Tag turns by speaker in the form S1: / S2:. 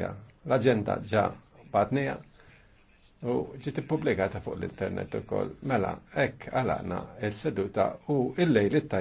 S1: L-agenda ġa batnija u ġiet ippubblikata fuq l-internet ukoll. Mela, hekk għalana il-seduta u il-lejl